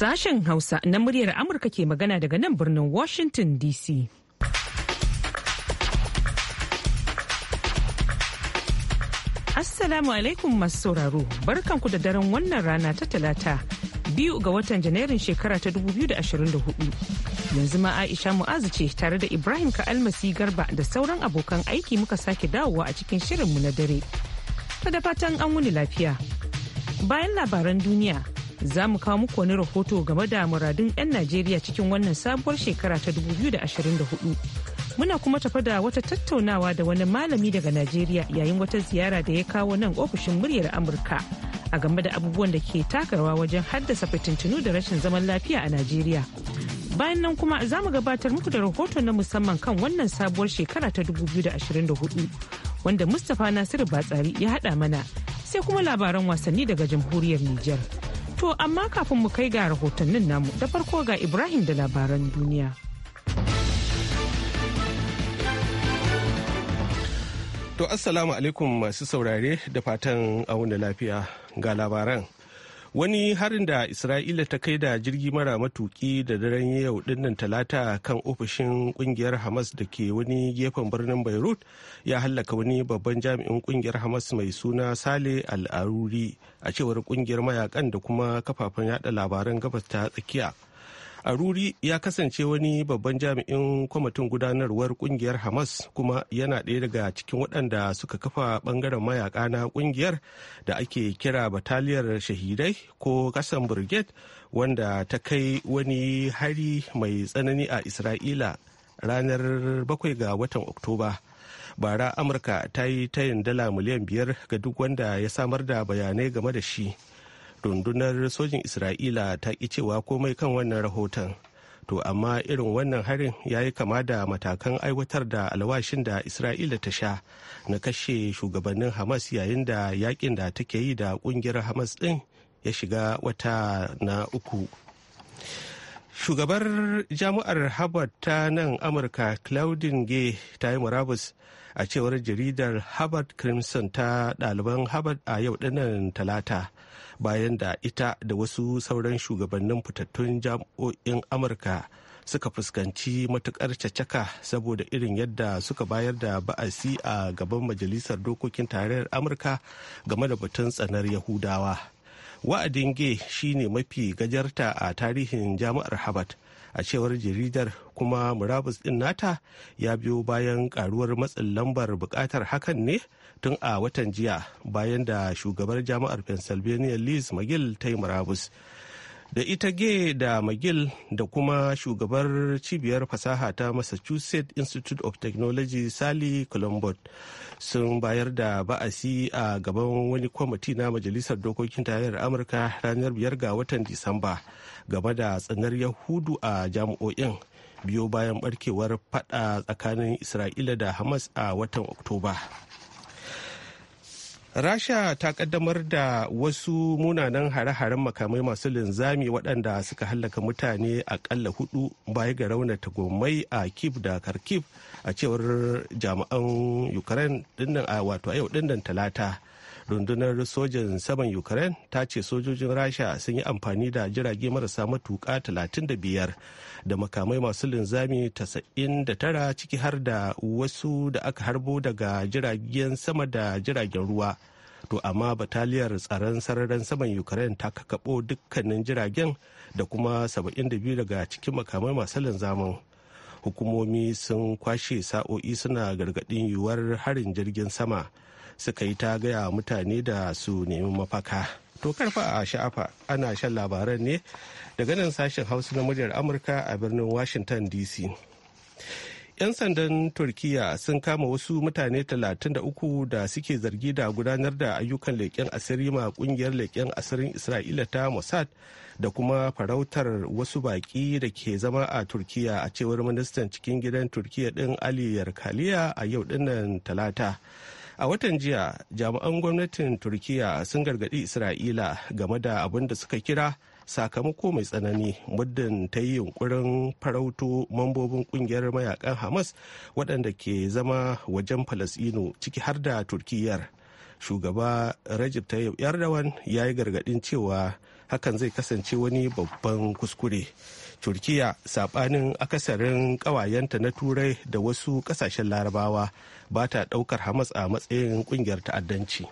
Sashen Hausa na muryar Amurka ke magana daga nan birnin Washington DC. Assalamu alaikum masu sauraro, barkanku da daren wannan rana ta talata biyu ga watan janairun shekara ta 2024. Yanzu ma Aisha Mu'azu ce tare da Ibrahim Ka'almasi Garba da sauran abokan aiki muka sake dawowa a cikin shirinmu na dare. Da fatan an wuni lafiya. Bayan labaran duniya, za mu kawo muku wani rahoto game da muradun 'yan Najeriya cikin wannan sabuwar shekara ta 2024. Muna kuma tafa da wata tattaunawa da wani malami daga Najeriya yayin wata ziyara da ya kawo nan ofishin muryar Amurka a game da abubuwan da ke takarwa wajen haddasa fitintunu da rashin zaman lafiya a Najeriya. Bayan nan kuma za mu gabatar muku da rahoton na musamman kan wannan sabuwar shekara ta 2024 wanda Mustapha Nasiru Batsari ya haɗa mana sai kuma labaran wasanni daga jamhuriyar Nijar. To amma kafin mu kai ga rahotannin namu da farko ga Ibrahim da labaran duniya. To Assalamu alaikum masu saurare da fatan auna lafiya ga labaran. wani harin da isra'ila ta kai da jirgi mara matuki da daren yau dinnan talata kan ofishin kungiyar hamas da ke wani gefen birnin beirut ya hallaka wani babban jami'in kungiyar hamas mai suna sale al'aruri a cewar kungiyar mayakan da kuma kafafen yada labaran gabas ta tsakiya aruri ya kasance wani babban jami'in kwamitin gudanarwar kungiyar hamas kuma yana ɗaya daga cikin waɗanda suka kafa ɓangaren mayaka na kungiyar da ake kira bataliyar shahidai ko kasan brigade wanda ta kai wani hari mai tsanani a isra'ila ranar 7 ga watan oktoba bara amurka ta yi tayin dala miliyan biyar ga duk wanda ya samar da bayanai game da shi rundunar sojin isra'ila ta ƙi cewa komai kan wannan rahoton to amma irin wannan harin ya yi kama da matakan aiwatar da alwashin da isra'ila ta sha na kashe shugabannin hamas yayin da yakin da take yi da kungiyar hamas din ya shiga wata na uku shugabar jami'ar harvard ta nan amurka claudine gay ta yi murabus a cewar jaridar harvard crimson ta ɗaliban harvard a yau dinnan talata bayan da ita da wasu sauran shugabannin fitattun jami'o'in amurka suka fuskanci matukar caccaka saboda irin yadda suka bayar da ba'asi a gaban majalisar dokokin tarayyar amurka game da batun tsanar yahudawa wa'adin ge shine mafi gajarta a tarihin jami'ar harvard a cewar jaridar kuma murabus din nata ya biyo bayan karuwar matsin lambar bukatar hakan ne tun a watan jiya bayan da shugabar jami'ar pennsylvania liz mcgill ta yi murabus da ita ge da mcgill da kuma shugabar cibiyar fasaha ta massachusetts institute of technology sally columbus sun bayar da ba'asi a gaban wani kwamiti na majalisar dokokin tarayyar amurka ranar biyar ga watan disamba game da tsanar yahudu a jami'o'in biyo bayan barkewar fada tsakanin isra'ila da hamas a watan oktoba rasha ta kaddamar da wasu munanan hare-haren makamai masu linzami waɗanda suka hallaka mutane aƙalla hudu baya ga raunata gomai a kiev da kharkiv a cewar jami'an ukraine dinnan a wato a yau dinnan talata rundunar sojan saman ukraine ta ce sojojin rasha sun yi amfani da jirage marasa matuka 35 da makamai masu linzami 99 ciki har da wasu da aka harbo daga jiragen sama da jiragen ruwa to amma bataliyar tsaron sararin saman ukraine ta kakabo dukkanin jiragen da kuma 72 daga cikin makamai masu linzamin hukumomi sun kwashe sa'o'i suna gargadin yiwuwar harin jirgin sama suka yi ta gaya mutane da su nemi mafaka to karfa a sha'afa ana shan labaran ne daga nan sashen hausa na muryar amurka a birnin washington dc 'yan sandan turkiya sun kama wasu mutane 33 da suke zargi da gudanar da ayyukan leƙen asiri ma kungiyar leƙen asirin isra'ila ta mossad da kuma farautar wasu baƙi da ke zama a turkiya a cewar ministan cikin gidan turkiya din ali yarkaliya a yau dinnan talata a watan jiya jami'an gwamnatin turkiyya sun gargaɗi isra'ila game da abin da suka kira sakamako mai tsanani muddin ta yi yunkurin farauto mambobin kungiyar mayakan hamas waɗanda ke zama wajen falasino ciki har da turkiyar shugaba rajib tayyip erdogan ya yi gargaɗin cewa hakan zai kasance wani babban kuskure turkiya sabanin akasarin ƙawayenta na turai da wasu ƙasashen larabawa ba ta ɗaukar hamas a matsayin ƙungiyar ta'addanci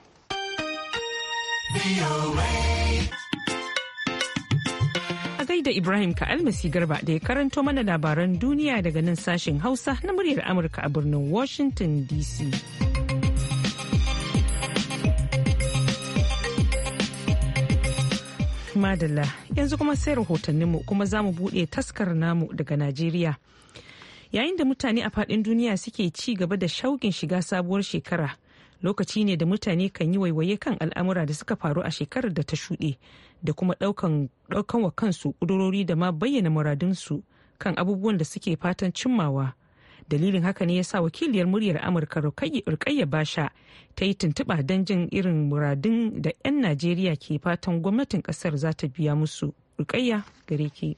a gaida ibrahim ka almasi garba da ya karanto mana labaran duniya daga nan sashen hausa na muryar amurka a birnin washington dc Madalla yanzu kuma sai rahotanninmu kuma zamu mu buɗe taskar namu daga Najeriya. Yayin da mutane a faɗin duniya suke ci gaba da shauƙin shiga sabuwar shekara lokaci ne da mutane kan yi waiwaye kan al'amura da suka faru a shekarar da ta shuɗe da kuma ɗaukan wa kansu ƙudurori da ma bayyana muradunsu kan abubuwan da suke fatan cimmawa dalilin haka ne ya sa wakiliyar muryar amurka rukayya basha ta yi tuntuɓa don jin irin muradun da 'yan najeriya ke fatan gwamnatin ƙasar za ta biya musu rukayya gare ki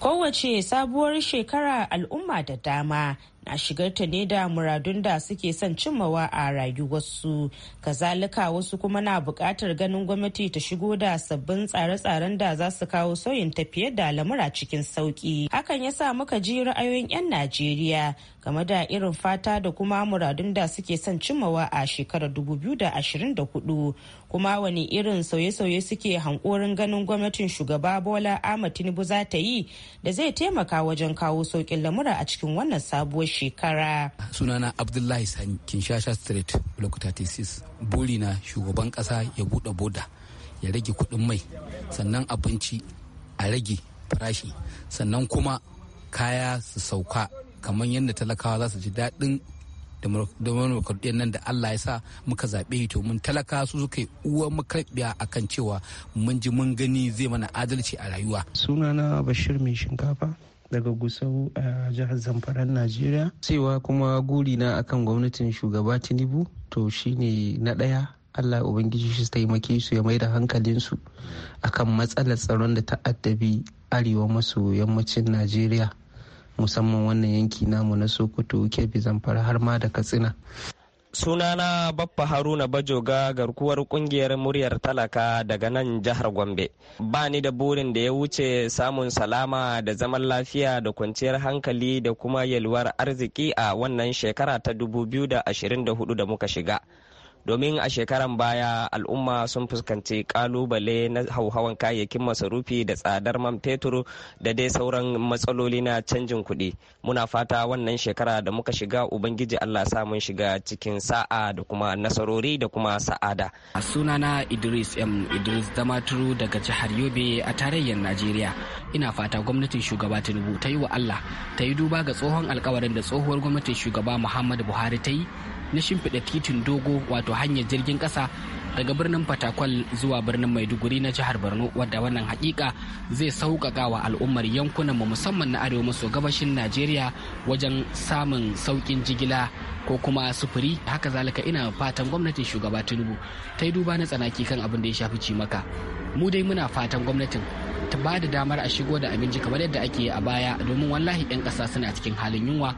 kowace sabuwar shekara al'umma da dama na shigarta ne da muradun da suke son cimmawa a rayuwarsu kazalika wasu kuma na bukatar ganin gwamnati ta shigo da sabbin tsare-tsaren da za su kawo sauyin tafiyar da lamura cikin sauƙi hakan ya sa muka ji ra'ayoyin 'yan najeriya game da irin fata da kuma muradun da suke son cimmawa a shekarar 2024 kuma wani irin sauye-sauye suke hankorin ganin gwamnatin shugaba bola ahmad tinubu za ta yi da zai taimaka wajen kawo sauƙin lamura a cikin wannan sabuwar shekara. Sunana Abdullahi Sani, Kinshasa Street, Block 36. na shugaban kasa ya buɗe boda, ya rage kudin mai, sannan abinci a rage farashi, sannan kuma kaya su sauka kamar yadda talakawa za su ji daɗin demokradiyyar nan da Allah ya sa muka zaɓe to mun talaka su suka yi uwa makarbiya a kan cewa mun ji mun gani zai mana adalci a rayuwa. Sunana Bashir mai shinkafa daga Gusau a jihar Zamfaran Najeriya. Cewa kuma guri na akan gwamnatin shugaba Tinubu to shine na ɗaya Allah Ubangiji shi taimake su ya maida hankalinsu akan matsalar tsaron da ta'addabi arewa maso yammacin Najeriya musamman wannan yanki namu na Sokoto, Kebbi, Zamfara har ma da Katsina. Sunana Baffa Haruna Bajoga garkuwar kungiyar muryar talaka daga nan jihar Gombe. Ba ni da burin da ya wuce samun salama da zaman lafiya da kwanciyar hankali da kuma yalwar arziki a wannan shekara ta 2024 da muka shiga. domin a shekaran baya al'umma sun fuskanci kalubale na hauhawan kayayyakin masarufi da tsadar man fetur da dai sauran matsaloli na canjin kuɗi muna fata wannan shekara da muka shiga ubangiji allah samun shiga cikin sa'a da kuma nasarori da kuma sa'ada a sunana idris m idris damaturu daga jihar yobe a tarayyar najeriya ina fata gwamnatin shugaba tinubu ta yi wa allah ta yi duba ga tsohon alkawarin da tsohuwar gwamnatin shugaba muhammadu buhari ta yi na shimfiɗa titin dogo wato hanyar jirgin ƙasa daga birnin fatakwal zuwa birnin maiduguri na jihar borno wadda wannan hakika zai sauƙaƙa wa al'ummar yankunan mu musamman na arewa maso gabashin najeriya wajen samun sauƙin jigila ko kuma sufuri haka zalika ina fatan gwamnatin shugaba tinubu ta yi duba na tsanaki kan abin da ya shafi cimaka mu dai muna fatan gwamnatin ta ba da damar a shigo da abinci kamar yadda ake a baya domin wallahi 'yan ƙasa suna cikin halin yunwa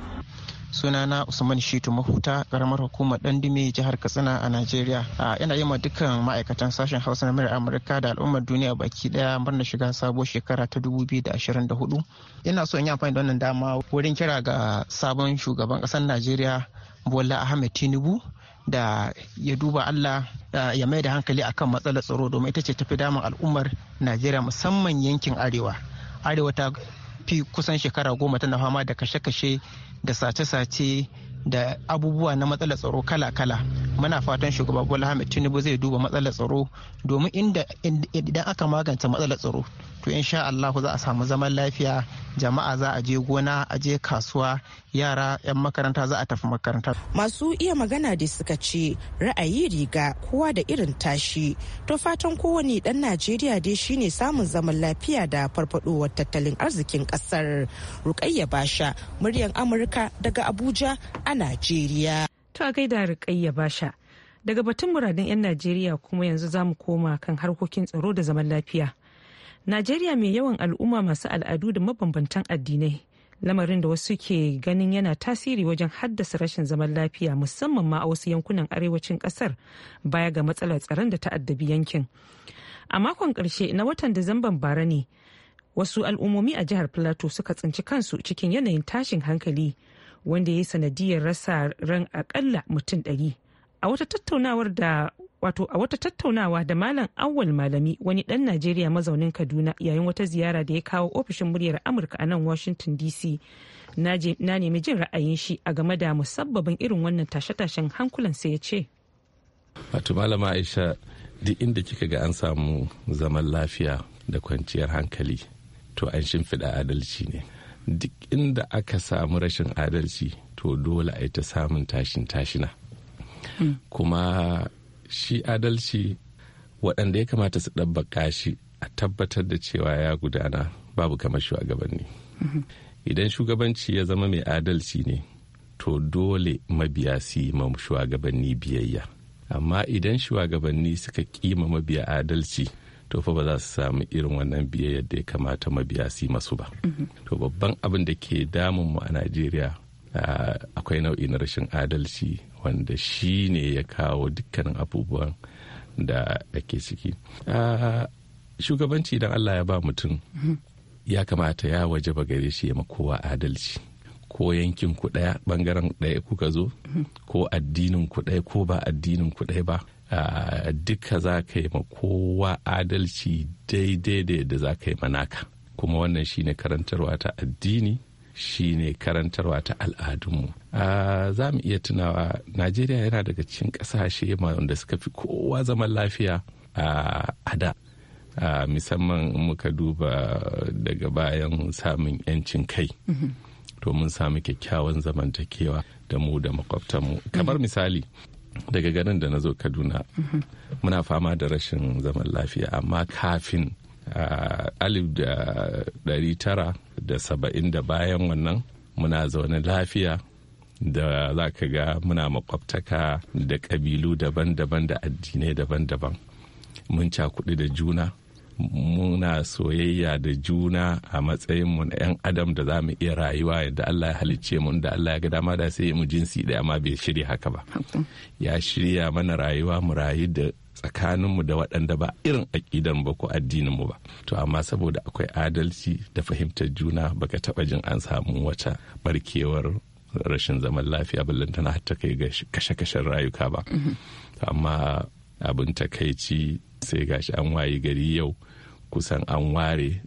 sunana usman shitu mahuta karamar hukumar dandime jihar katsina a najeriya yana yi ma dukkan ma'aikatan sashen hausa na murar amurka da al'ummar duniya baki daya murnar shiga sabuwar shekara ta da hudu. ina so in yi amfani da wannan dama wurin kira ga sabon shugaban kasar najeriya bola ahmed tinubu da ya duba allah ya mai da hankali akan matsalar tsaro domin ita ce tafi damar al'ummar najeriya musamman yankin arewa arewa ta fi kusan shekara goma tana fama da kashe-kashe da sace-sace da abubuwa na matsalar tsaro kala-kala muna fatan shugaba bola hamid tinubu zai duba matsalar tsaro domin inda idan aka magance matsalar tsaro to insha allahu za a samu zaman lafiya jama'a za a je gona a je kasuwa yara 'yan makaranta za a tafi makaranta. Masu iya magana da suka ce ra'ayi riga kowa da irin tashi to fatan kowane ɗan Najeriya dai shine samun zaman lafiya da farfadowar tattalin arzikin kasar Rukayya Basha muryar Amurka daga Abuja a Najeriya. Ta gaida Rukayya Basha. Daga batun muradin 'yan Najeriya kuma yanzu za mu koma kan harkokin tsaro da zaman lafiya. najeriya mai yawan al'umma masu al'adu da mabambantan addinai lamarin da wasu ke ganin yana tasiri wajen haddasa rashin zaman lafiya musamman ma a wasu yankunan arewacin kasar baya ga matsalar tsaron da ta'addabi yankin a makon karshe na watan disamban bara ne wasu al'ummomi a jihar plateau suka tsinci kansu cikin yanayin tashin hankali wanda ya yi sanadiyar rasa ran akalla mutum ɗari a wata tattaunawar da wato a wata tattaunawa da malam awwal malami wani dan najeriya mazaunin kaduna yayin wata ziyara da ya kawo ofishin muryar amurka a nan washington dc na nemi jin ra'ayin shi a game da musabbabin irin wannan tashe-tashen hankulan sai ya ce wato malama aisha duk inda kika ga an samu zaman lafiya da kwanciyar hankali to an shimfiɗa adalci ne duk inda aka samu rashin adalci to dole a ta samun tashin tashina hmm. kuma shi adalci waɗanda ya kamata su ɗabbaka shi a tabbatar da cewa ya gudana babu kamar shugabanni idan shugabanci ya zama mai adalci ne to dole mabiya su yi shugabanni biyayya amma idan shugabanni suka kima mabiya adalci to fa ba za su samu irin wannan biyayya da ya kamata mabiya su masu ba to babban abin da ke damun mu a najeriya akwai nau'i na rashin adalci wanda shi ne ya kawo dukkanin abubuwan da ake ciki shugabanci idan allah ya ba mutum ya kamata ya waje ba gare shi ya kowa adalci ko yankin ku ɗaya ɓangaren ɗaya kuka zo ko addinin ku ɗaya ko ba addinin ku ɗaya ba Dukka duka za ka yi ma kowa adalci daidai da za ka yi manaka kuma wannan shine karantarwa ta addini shine karantarwa ta al'adunmu za mu iya tunawa najeriya yana daga cikin ƙasashe wanda suka fi kowa zaman lafiya a da musamman muka duba daga bayan samun 'yancin kai mhm. To mun samu kyakkyawan zamantakewa da mu da makwabtanmu kamar mhm. misali daga garin da na zo kaduna mhm. muna fama da rashin zaman lafiya amma kafin alif da tara da saba'in da bayan wannan muna zaune lafiya da za ka ga muna makwabtaka da ƙabilu daban-daban da addinai daban-daban mun ca kuɗi da juna muna soyayya da juna a matsayinmu na 'yan adam da za mu iya rayuwa yadda Allah ya halicce mu da Allah ya ga dama da sai mu jinsi ɗaya ma bai shirya haka ba ya shirya mana rayuwa mu rayu da tsakaninmu da waɗanda ba irin aƙidan ba ko addininmu ba to amma saboda akwai adalci da fahimtar juna baka taɓa jin an samu wata barkewar rashin zaman lafiya ballantana har ta kai ga kashe-kashen rayuka ba mm-hmm. amma abin takaici sai gashi an waye gari yau kusan an ware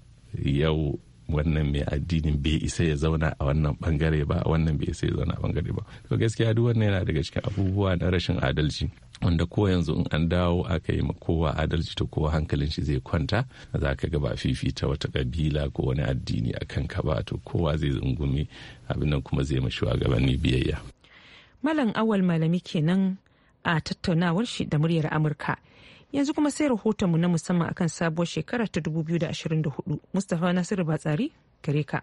yau wannan mai addinin bai isa ya zauna a wannan bangare ba wannan bai isa ya zauna a bangare ba to gaskiya duk wannan yana daga cikin abubuwa na rashin adalci wanda ko yanzu in an dawo aka yi ma kowa adalci ta kowa hankalin shi zai kwanta za ka ga ba fifita wata kabila ko wani addini a kan ka ba to kowa zai zungumi abin nan kuma zai mashi gabanni biyayya. Malam awal malami kenan a tattaunawar shi da muryar Amurka. Yanzu kuma sai rahotonmu na musamman akan sabuwar shekara ta 2024. Mustapha Nasiru Batsari, gare ka.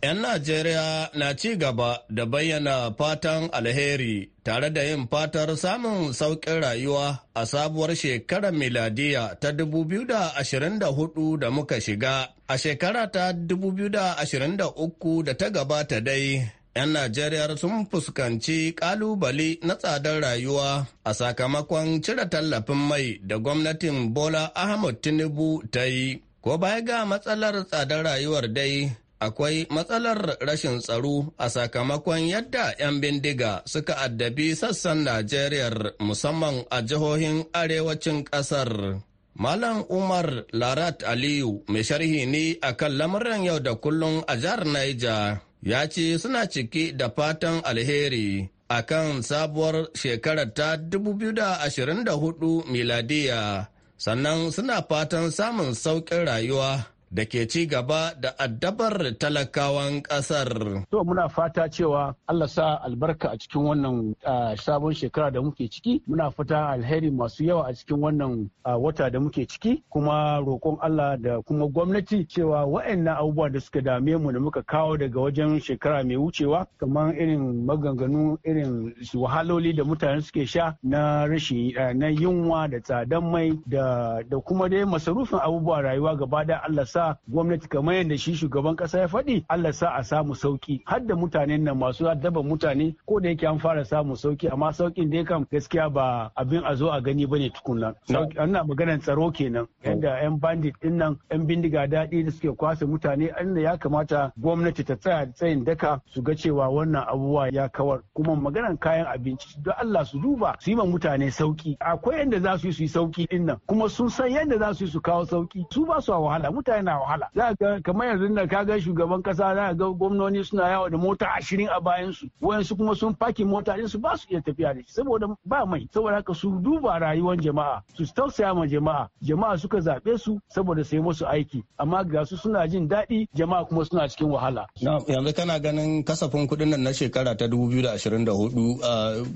'Yan Najeriya na ci gaba da bayyana fatan alheri tare da yin fatar samun sauƙin rayuwa a sabuwar shekarar miladiya ta 2024 da muka shiga. A shekara ta 2023 da ta gabata dai, 'yan Najeriya sun fuskanci ƙalubale na tsadar rayuwa a sakamakon cire tallafin mai da gwamnatin Bola Ahmed Tinubu ta yi. Ko baya ga matsalar tsadar rayuwar dai, akwai matsalar rashin tsaro a sakamakon yadda 'yan bindiga suka addabi sassan Najeriya musamman a jihohin arewacin ƙasar. Malam Umar Larat Aliyu mai sharhi ne a kan lamuran yau da kullum a jihar Niger ya ce suna ciki da fatan alheri a kan sabuwar shekarar ta 2024 miladiya sannan suna fatan samun sauƙin rayuwa da ke ci gaba da addabar talakawan kasar. To muna fata cewa Allah sa albarka a cikin wannan sabon shekara da muke ciki, muna fata alheri masu yawa a cikin wannan wata da muke ciki, kuma roƙon Allah da kuma gwamnati cewa wa'annan abubuwa da suka dame mu da muka kawo daga wajen shekara mai wucewa, kamar irin maganganu irin wahaloli da mutane suke sha na rashi na yunwa da tsadan mai da kuma dai masarufin abubuwa rayuwa gaba da Allah sa gwamnati kamar yadda shi shugaban kasa ya faɗi Allah sa a samu sauki har da mutanen nan masu addaban mutane ko da yake an fara samu sauki amma saukin da kam gaskiya ba abin a zo a gani ba bane tukunna ana maganar tsaro kenan yadda yan bandit din nan yan bindiga daɗi da suke kwasa mutane inda ya kamata gwamnati ta tsaya tsayin daka su ga cewa wannan abubuwa ya kawar kuma maganar kayan abinci don Allah su duba su yi ma mutane sauki akwai yadda za su yi su yi sauki din nan kuma sun san yadda za su yi su kawo sauki su ba su a wahala mutane yana wahala za ka kamar yanzu da ka ga shugaban kasa za ga gwamnoni suna yawo da mota ashirin a bayan su wayansu kuma sun faki mota din su ba su iya tafiya da shi saboda ba mai saboda haka su duba rayuwar jama'a su tausaya ma jama'a jama'a suka zaɓe su saboda sai musu aiki amma ga su suna jin daɗi jama'a kuma suna cikin wahala yanzu kana ganin kasafin kuɗin nan na shekara ta 2024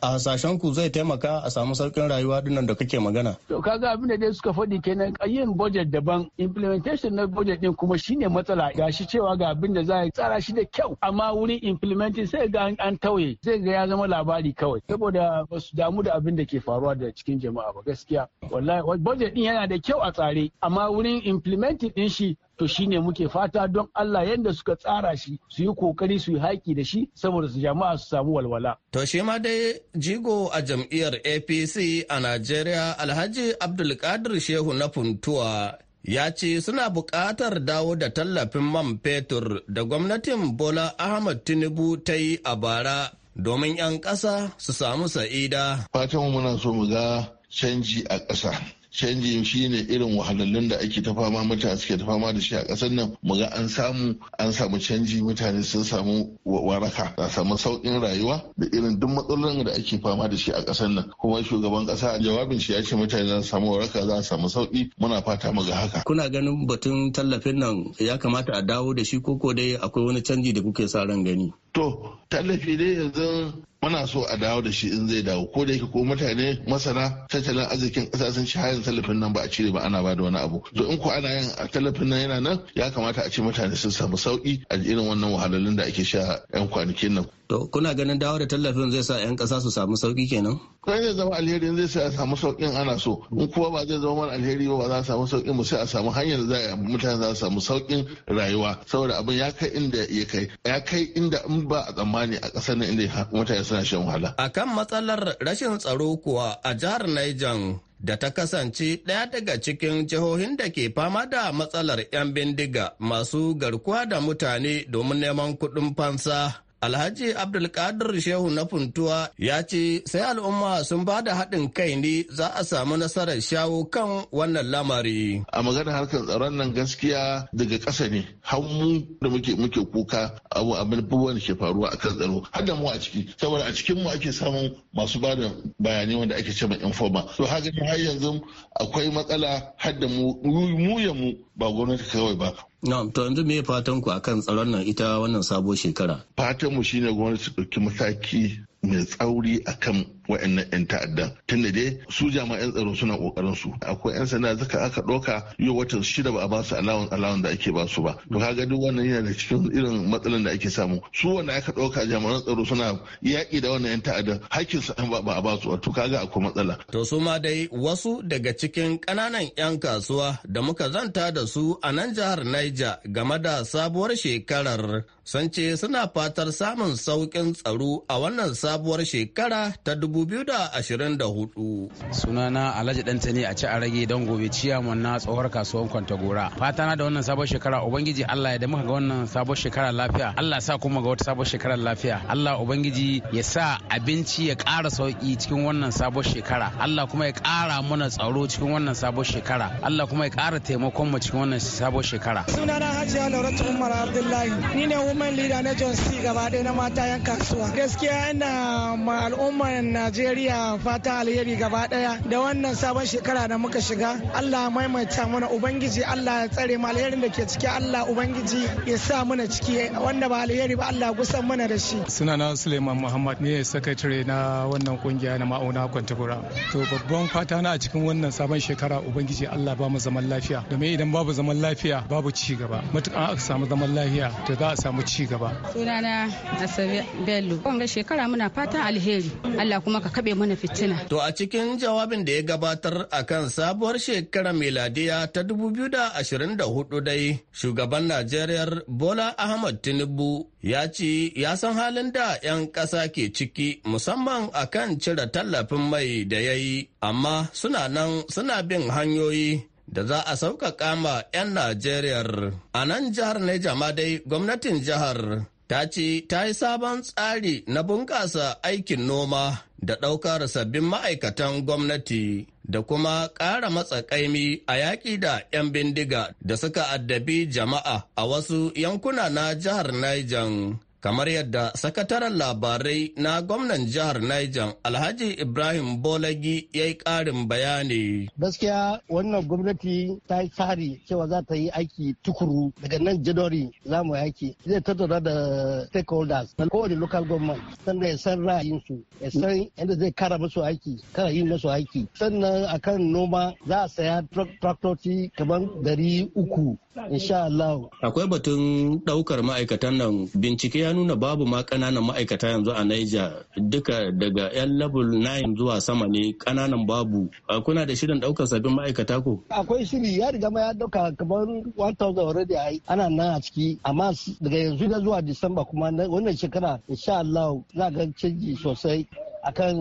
a hasashen ku zai taimaka a samu sauƙin rayuwa dinnan da kake magana to kaga abin da dai suka faɗi kenan yin budget daban implementation preparation na budget din kuma shine matsala ga shi cewa ga abin da za a tsara shi da kyau amma wurin implementing sai ga an tauye zai ga ya zama labari kawai saboda ba su damu da abin da ke faruwa da cikin jama'a ba gaskiya wallahi budget din yana da kyau a tsare amma wurin implementing din shi to shine muke fata don Allah yadda suka tsara shi su yi kokari su yi haƙi da shi saboda su jama'a su samu walwala. To shi ma dai jigo a jam'iyyar APC a Najeriya Alhaji Abdulkadir Shehu na Funtuwa ya ce suna buƙatar dawo da tallafin man fetur da gwamnatin Bola Ahmad Tinubu ta yi a bara domin 'yan ƙasa su samu sa'ida. Fatan muna so mu ga canji a ƙasa. canjin shi ne irin wahalhalun da ake ta fama mutane suke ta fama da shi a ƙasar nan mu ga an samu an samu canji mutane sun samu waraka a samu sauƙin rayuwa da irin duk matsalolin da ake fama da shi a ƙasar nan kuma shugaban kasa a jawabin shi ya ce mutane za su samu waraka za su samu sauki muna fata mu ga haka. Kuna ganin batun tallafin nan ya kamata a dawo da shi koko dai akwai wani canji da kuke sa ran gani? To, tallafi dai yanzu muna so a dawo da shi in zai dawo ko da yake ko mutane masana tattalin arzikin kasashen sun hayan tallafin nan ba a cire ba ana ba da wani abu to in ko ana yin a tallafin nan yana nan ya kamata a ce mutane sun samu sauki a irin wannan wahalhalun da ake sha yan kwanakin nan To kuna ganin dawo da tallafin zai sa 'yan kasa su samu sauki kenan? Kuma zai zama alheri zai sa a samu sauƙin ana so. In kuwa ba zai zama alheri ba za a samu sauƙin mu sai a samu hanyar da za mutane za su samu sauƙin rayuwa. Saboda abin ya kai inda ya kai. Ya kai inda in ba a tsammani a ƙasar nan inda mutane suna shan wahala. Akan matsalar rashin tsaro kuwa a jihar Niger da ta kasance ɗaya daga cikin jihohin da ke fama da matsalar 'yan bindiga masu garkuwa da mutane domin neman kuɗin fansa Alhaji Abdulkadir Shehu na Funtuwa ya ce sai al'umma sun ba da haɗin kai ne za a samu nasarar shawo kan wannan lamari. A magana harkar tsaron nan gaskiya daga ƙasa ne, hannu da muke muke kuka abu abubuwan da ke faruwa a kan tsaro, har da mu a ciki, saboda a cikin mu ake samun masu ba da bayanai wanda ake cewa informa. To haka har yanzu akwai matsala har da mu mu ba gwamnati kawai ba Na'am to yanzu me fatan ku akan tsaron nan ita wannan sabo shekara? Fatanmu mu shine gwamnati su ɗauki mataki mai tsauri a kan wa'annan 'yan ta'addan tunda dai su jami'an tsaro suna kokarin su akwai 'yan sanda zaka aka doka yau watan shida ba a ba su alawan alawan da ake ba su ba to kaga duk wannan yana da cikin irin matsalan da ake samu su wanda aka doka jami'an tsaro suna yaƙi da wannan 'yan ta'addan hakkin su ba a ba su to kaga akwai matsala to su ma dai wasu daga cikin kananan 'yan kasuwa da muka zanta da su a nan jihar Niger game da sabuwar shekarar sun ce suna fatar samun sauƙin tsaro a wannan sabuwar shekara ta 2024. Sunana Alhaji Dantani a ci a rage don gobe ciyaman na tsohuwar kasuwan Kwantagora. Fata na da wannan sabuwar shekara Ubangiji Allah ya da muka ga wannan sabuwar shekara lafiya. Allah sa kuma ga wata sabuwar shekara lafiya. Allah Ubangiji ya sa abinci ya ƙara sauƙi cikin wannan sabuwar shekara. Allah kuma ya ƙara mana tsaro cikin wannan sabuwar shekara. Allah kuma ya ƙara taimakon mu cikin wannan sabuwar shekara. Sunana Hajiya Lauratu Umar Abdullahi. Ni ne women leader na John C gaba na mata yan kasuwa. Gaskiya ina ma al'ummar Najeriya fata alheri gaba daya da wannan sabon shekara da muka shiga. Allah maimaita mana Ubangiji Allah ya tsare ma alherin da ke ciki Allah Ubangiji ya sa mana ciki wanda ba alheri ba Allah gusan mana da shi. Suna na Suleiman Muhammad ne sakatare na wannan kungiya na ma'auna Kwantagura. To babban fata na a cikin wannan sabon shekara Ubangiji Allah ba mu zaman lafiya. Domin idan babu zaman lafiya babu ci gaba. matukan aka samu zaman lafiya to za a samu ci gaba. Sunana Asabe Bello. Wanga shekara muna fatan alheri. Allah kuma ka kabe mana fitina. To a cikin jawabin da ya gabatar a kan sabuwar shekarar miladiya ta 2024 dai shugaban Najeriya Bola Ahmad Tinubu ya ce ya san halin da 'yan ƙasa ke ciki musamman a kan cire tallafin mai da ya yi amma suna nan suna bin hanyoyi da za a sauƙaƙa ma 'yan Najeriyar. A nan jihar Neja ma dai gwamnatin jihar ta ce ta yi sabon tsari na bunƙasa aikin noma da ɗaukar sabbin ma'aikatan gwamnati da kuma ƙara matsakaimi a yaƙi da 'yan bindiga da suka addabi jama'a a wasu yankuna na jihar Niger. kamar yadda sakataren labarai na gwamnan jihar Niger Alhaji Ibrahim Bolagi ya yi ƙarin bayani. Gaskiya wannan gwamnati ta yi tsari cewa za ta yi aiki tukuru daga nan Janairu za mu yaki zai tattauna da stakeholders na kowane local government sannan ya san ra'ayinsu ya san yadda zai kara musu aiki kara yi musu aiki sannan akan noma za a saya traktoci kamar dari uku insha Allah. Akwai batun ɗaukar ma'aikatan nan bincike ya nuna babu ma ƙananan ma'aikata yanzu a Naija duka daga 'yan level 9 zuwa sama ne ƙananan babu. Kuna da shirin ɗaukar sabbin ma'aikata ko? Akwai shiri ya riga ma ya ɗauka kamar 1000 already ai ana nan a ciki amma daga yanzu da zuwa Disamba kuma wannan shekara insha Allah za ga canji sosai. akan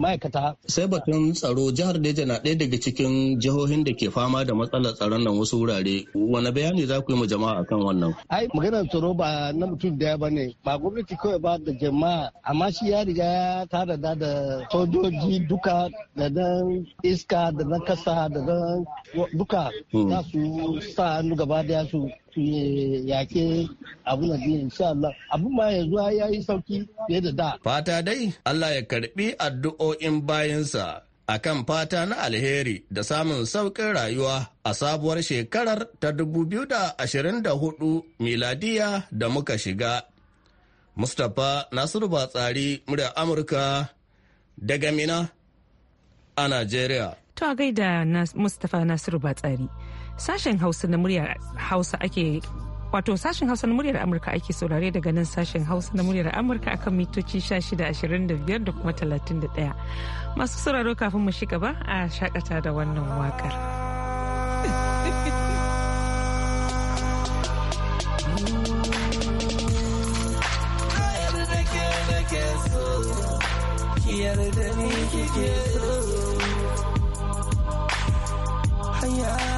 ma'aikata. Sai batun tsaro jihar Neja na ɗaya daga cikin jihohin da ke fama da matsalar tsaron nan wasu wurare. Wane bayani za ku yi mu jama'a akan wannan? Ai maganar tsaro ba na mutum daya ba ne. Ba gwamnati kawai ba da jama'a amma shi ya riga ya tara da da sojoji duka da dan iska da dan kasa da dan duka hmm. za su sa hannu gaba daya su su yaƙi abin da insha Allah abin ma yanzu ya yi sauki fiye da da. Fata dai Allah ya karbi addu'o'in bayansa akan fata na alheri da samun sauƙin rayuwa a sabuwar shekarar ta 2024 miladiya da muka shiga. Mustapha Nasiru Batsari murya Amurka daga Mina a Najeriya. To a gaida Mustapha Nasiru Batsari. Sashen Hausa na muryar Hausa ake wato sashen hausa na muryar amurka ake saurare daga nan sashen hausa na muryar amurka akan mitoci 1625 da kuma 31 masu sauraro kafin mu shiga ba a shakata da wannan wakar Yeah.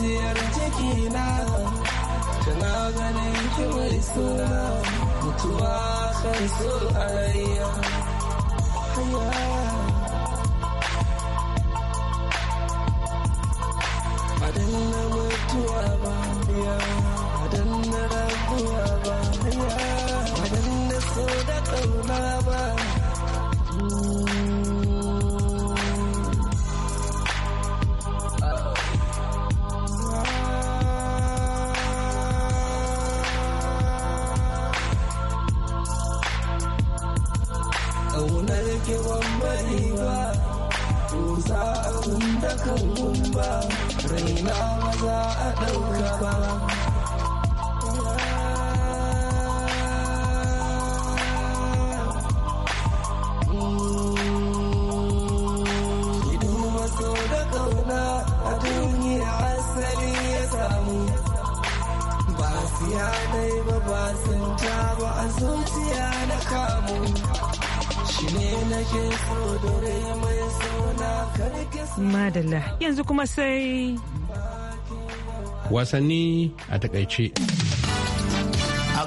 jiki na tana ganin ki mai suna mutuwa kan so alayya. rayya a danna mutuwa ba biya a rabuwa ba biya a so da ƙauna ba mata tun da kan gumba raina maza a ɗauka ba a duniya asali ya samu ba siya dai ba ba sun ta ba a zuciya na kamu Madalla yanzu kuma sai wasanni a takaice.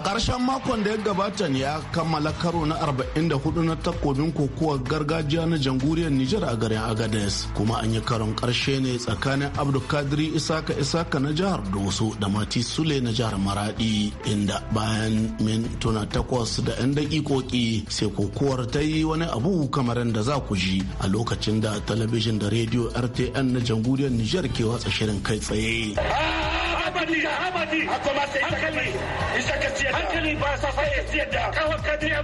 karshen makon da ya gabata ne ya kammala karo na 44 na takobin kokowar gargajiya na jamhuriyar Nijar a garin Agades kuma an yi karon karshe ne tsakanin Abdulkadiri Isaka Isaka na jihar Doso da Mati Sule na jihar Maradi inda bayan mintuna takwas da 'yan dakikoki sai kokowar ta yi wani abu kamar da za ku ji a lokacin da talabijin da rediyo RTN na jamhuriyar Nijar ke watsa shirin kai tsaye. Ah, hankali kadiri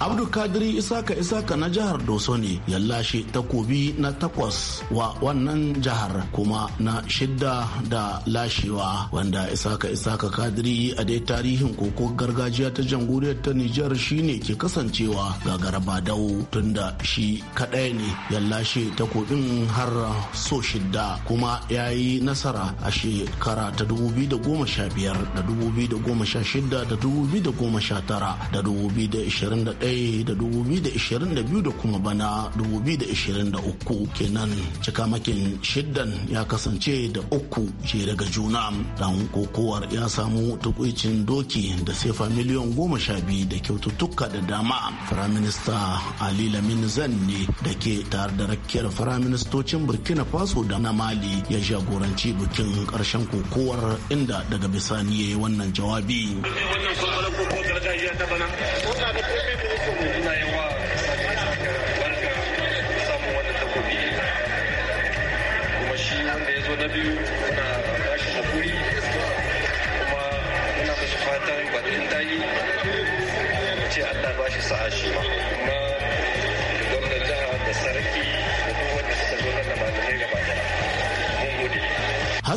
abdu ka isa ka isaka isaka na jihar doso ne ya lashe takobi na takwas wa wannan jihar kuma na shidda da lashewa wanda isaka isaka kadiri a dai tarihin koko gargajiya ta jamhuriyar ta nijar shine ke kasancewa gagaraba dau tunda shi kadai ne ya lashe takobin har so shidda kuma ya yi nasara a shekara ta 2015 da 2016 da 2019 da 2021 da 2022 da kuma bana 2023 kenan cikamakin shiddan ya kasance da uku ce daga juna dan kokowar ya samu tukwicin doki da sefa miliyan goma sha biyu da kyaututtuka da dama firaminista ali lamin zan da ke tare da rakiyar firaministocin burkina faso da na mali ya jagoranci bikin karshen kokowar inda daga bisani ya yi wannan jawabi.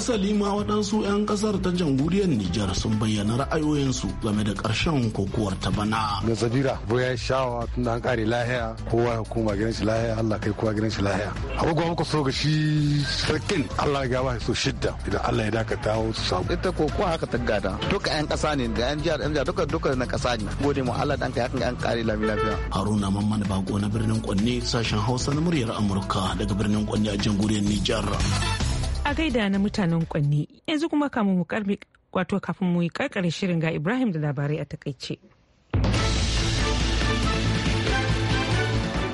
asali ma waɗansu 'yan ƙasar ta jamhuriyar nijar sun bayyana ra'ayoyinsu game da ƙarshen kokowar ta bana da zabira yi shawa tun da an ƙare lahiya kowa hukuma gidan shi lahiya allah kai kowa gidan shi lahiya abubuwa muka so ga shi sarkin allah ya ba so shidda idan allah ya ta wasu samu ita kokowa haka ta gada duka 'yan ƙasa ne ga 'yan jihar 'yan jihar duka duka na ƙasa ne gode mu allah ɗan ka yakan an ƙare lami lafiya haruna mamman bako na birnin kwanne sashen hausa na muryar amurka daga birnin kwanne a jamhuriyar nijar a gaida na mutanen kwanni yanzu kuma kamun mu karbi wato kafin mu yi karkare shirin ga Ibrahim da labarai a takaice.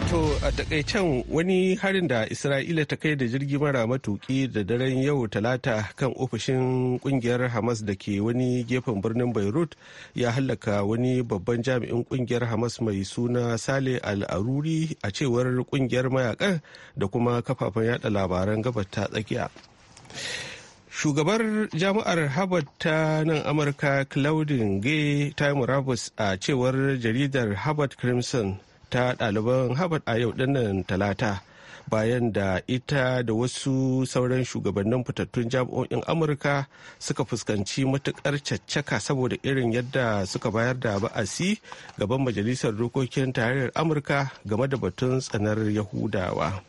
To a takaicen wani harin da Isra'ila ta kai da jirgi mara matuki da daren yau talata kan ofishin kungiyar Hamas da ke wani gefen birnin Beirut ya hallaka wani babban jami'in kungiyar Hamas mai suna Sale Al-Aruri a cewar kungiyar mayakan da kuma kafafen yada labaran gabata tsakiya. shugabar jami'ar harvard ta nan amurka claudine gay ta murabus a cewar jaridar harvard crimson ta ɗaliban harvard a yau dinnan talata bayan da ita da wasu sauran shugabannin fitattun jami'o'in amurka suka fuskanci matukar caccaka saboda irin yadda suka bayar da ba'asi gaban majalisar dokokin tarayyar amurka game da batun tsanar yahudawa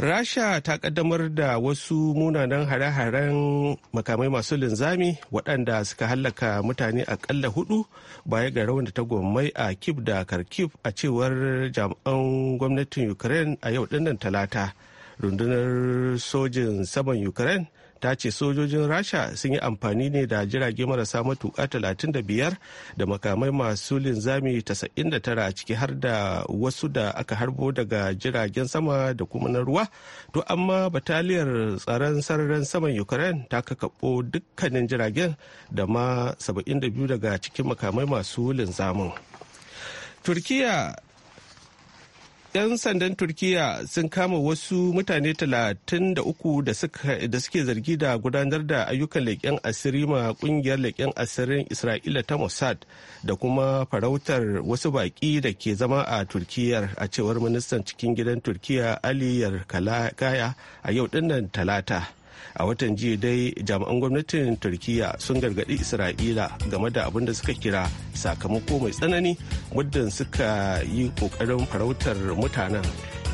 rasha ta kaddamar da wasu munanan hare-haren makamai masu linzami waɗanda suka hallaka mutane aƙalla hudu baya ga rawan da ta gommai a kif da kharkiv a cewar jami'an gwamnatin ukraine a yau dinnan talata rundunar sojin saman ukraine ta ce sojojin rasha sun yi amfani ne da jirage marasa matuƙa 35 da makamai masu linzami 99 ciki har da wasu da aka harbo daga jiragen sama da kuma na ruwa to amma bataliyar tsaron sararin saman ukraine ta kakabo dukkanin jiragen da ma 72 daga cikin makamai masu linzamin turkiya 'yan sandan turkiya sun kama wasu mutane 33 da suke zargi da gudanar da ayyukan leƙen asiri ma ƙungiyar leƙen asirin isra'ila ta mossad da kuma farautar wasu baƙi da ke zama a turkiyar a cewar ministan cikin gidan turkiya aliyar kaya a yau dinnan talata a watan jiya dai jami'an gwamnatin turkiya sun gargaɗi isra'ila game da abin da suka kira sakamako mai tsanani wadda suka yi ƙoƙarin farautar mutanen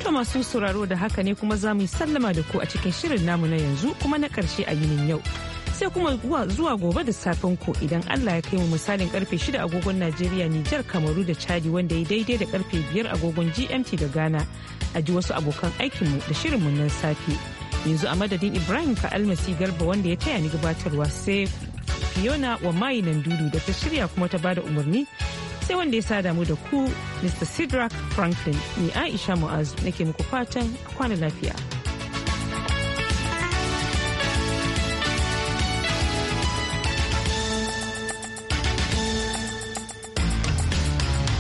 to masu sauraro da haka ne kuma za mu yi sallama da ku a cikin shirin namu na yanzu kuma na ƙarshe a yinin yau sai kuma zuwa gobe da safen ku idan Allah ya kai mu misalin karfe shida agogon Najeriya Nijar Kamaru da Chadi wanda ya daidai da karfe biyar agogon GMT da Ghana a ji wasu abokan aikinmu da shirin mu nan safe. yanzu a madadin ibrahim ka'almasi garba wanda ya taya ni gabatarwa sai fiona wa mai nan dudu da ta shirya kuma ta bada umarni sai wanda ya sada mu da ku mr sidrak franklin ni aisha mu'azu nake muku fatan kwana lafiya.